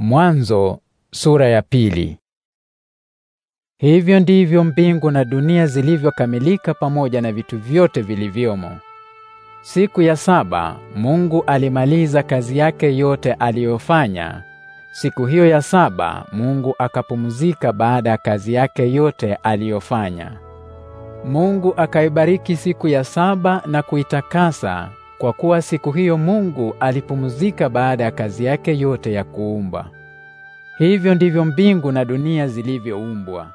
Mwanzo sura ya pili. Hivyo ndivyo mbingu na dunia zilivyokamilika pamoja na vitu vyote vilivyomo. Siku ya saba Mungu alimaliza kazi yake yote aliyofanya. Siku hiyo ya saba Mungu akapumzika baada ya kazi yake yote aliyofanya. Mungu akaibariki siku ya saba na kuitakasa kwa kuwa siku hiyo Mungu alipumzika baada ya kazi yake yote ya kuumba. Hivyo ndivyo mbingu na dunia zilivyoumbwa.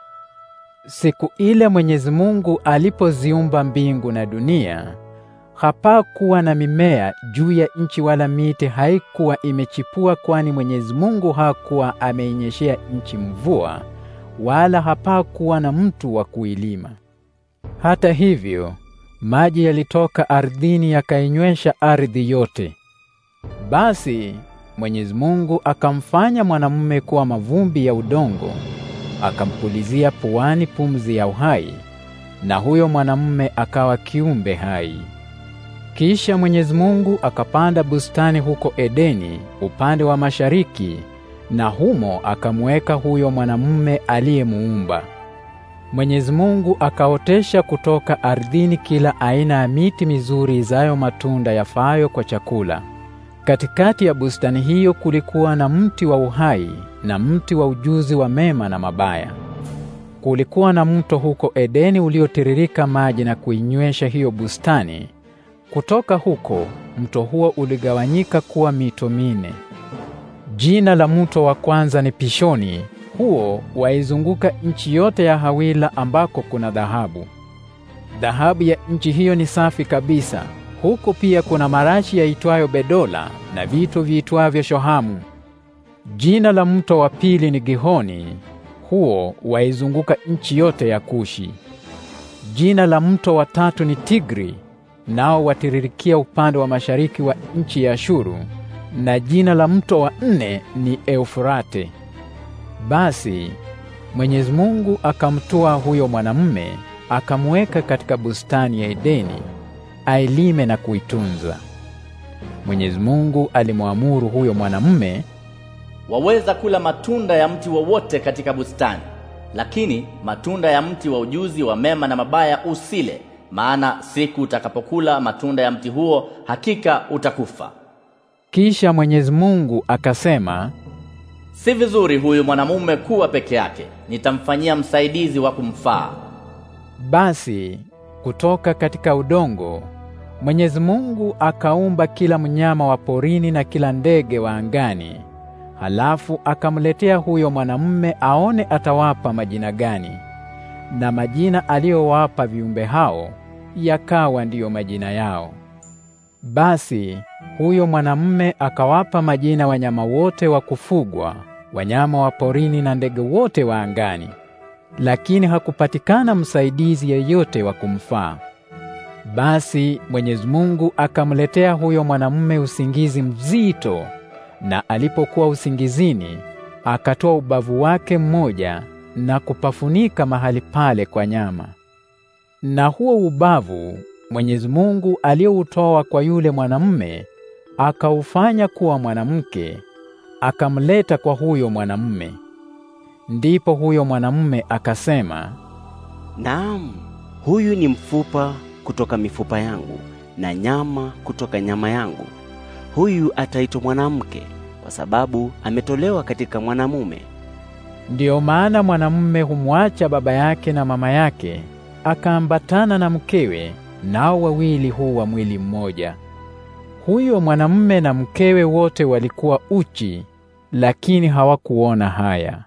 Siku ile Mwenyezi Mungu alipoziumba mbingu na dunia, hapakuwa na mimea juu ya nchi wala miti haikuwa imechipua, kwani Mwenyezi Mungu hakuwa ameinyeshea nchi mvua, wala hapakuwa na mtu wa kuilima. Hata hivyo maji yalitoka ardhini yakainywesha ardhi yote. Basi Mwenyezi Mungu akamfanya mwanamume kuwa mavumbi ya udongo, akampulizia puani pumzi ya uhai, na huyo mwanamume akawa kiumbe hai. Kisha Mwenyezi Mungu akapanda bustani huko Edeni upande wa mashariki, na humo akamuweka huyo mwanamume aliyemuumba. Mwenyezi Mungu akaotesha kutoka ardhini kila aina ya miti mizuri izayo matunda yafayo kwa chakula. Katikati ya bustani hiyo kulikuwa na mti wa uhai na mti wa ujuzi wa mema na mabaya. Kulikuwa na mto huko Edeni uliotiririka maji na kuinywesha hiyo bustani. Kutoka huko mto huo uligawanyika kuwa mito mine. Jina la mto wa kwanza ni Pishoni huo waizunguka nchi yote ya Hawila ambako kuna dhahabu. Dhahabu ya nchi hiyo ni safi kabisa. Huko pia kuna marashi yaitwayo bedola na vitu viitwavyo shohamu. Jina la mto wa pili ni Gihoni, huo waizunguka nchi yote ya Kushi. Jina la mto wa tatu ni Tigri, nao watiririkia upande wa mashariki wa nchi ya Shuru, na jina la mto wa nne ni Eufurate. Basi Mwenyezi Mungu akamtoa huyo mwanamume akamuweka katika bustani ya Edeni ailime na kuitunza. Mwenyezi Mungu alimwamuru huyo mwanamume, waweza kula matunda ya mti wowote katika bustani, lakini matunda ya mti wa ujuzi wa mema na mabaya usile, maana siku utakapokula matunda ya mti huo hakika utakufa. Kisha Mwenyezi Mungu akasema Si vizuri huyu mwanamume kuwa peke yake, nitamfanyia msaidizi wa kumfaa. Basi kutoka katika udongo Mwenyezi Mungu akaumba kila mnyama wa porini na kila ndege wa angani. Halafu akamletea huyo mwanamume aone atawapa majina gani, na majina aliyowapa viumbe hao yakawa ndiyo majina yao. Basi huyo mwanamume akawapa majina wanyama wote wa kufugwa, wanyama wa porini na ndege wote wa angani, lakini hakupatikana msaidizi yeyote wa kumfaa. Basi Mwenyezi Mungu akamletea huyo mwanamume usingizi mzito, na alipokuwa usingizini, akatoa ubavu wake mmoja na kupafunika mahali pale kwa nyama. Na huo ubavu Mwenyezi Mungu aliyoutoa kwa yule mwanamume akaufanya kuwa mwanamke, akamleta kwa huyo mwanamume. Ndipo huyo mwanamume akasema, naam, huyu ni mfupa kutoka mifupa yangu na nyama kutoka nyama yangu. Huyu ataitwa mwanamke kwa sababu ametolewa katika mwanamume. Ndiyo maana mwanamume humwacha baba yake na mama yake, akaambatana na mkewe, nao wawili huwa mwili mmoja. Huyo mwanamume na mkewe wote walikuwa uchi, lakini hawakuona haya.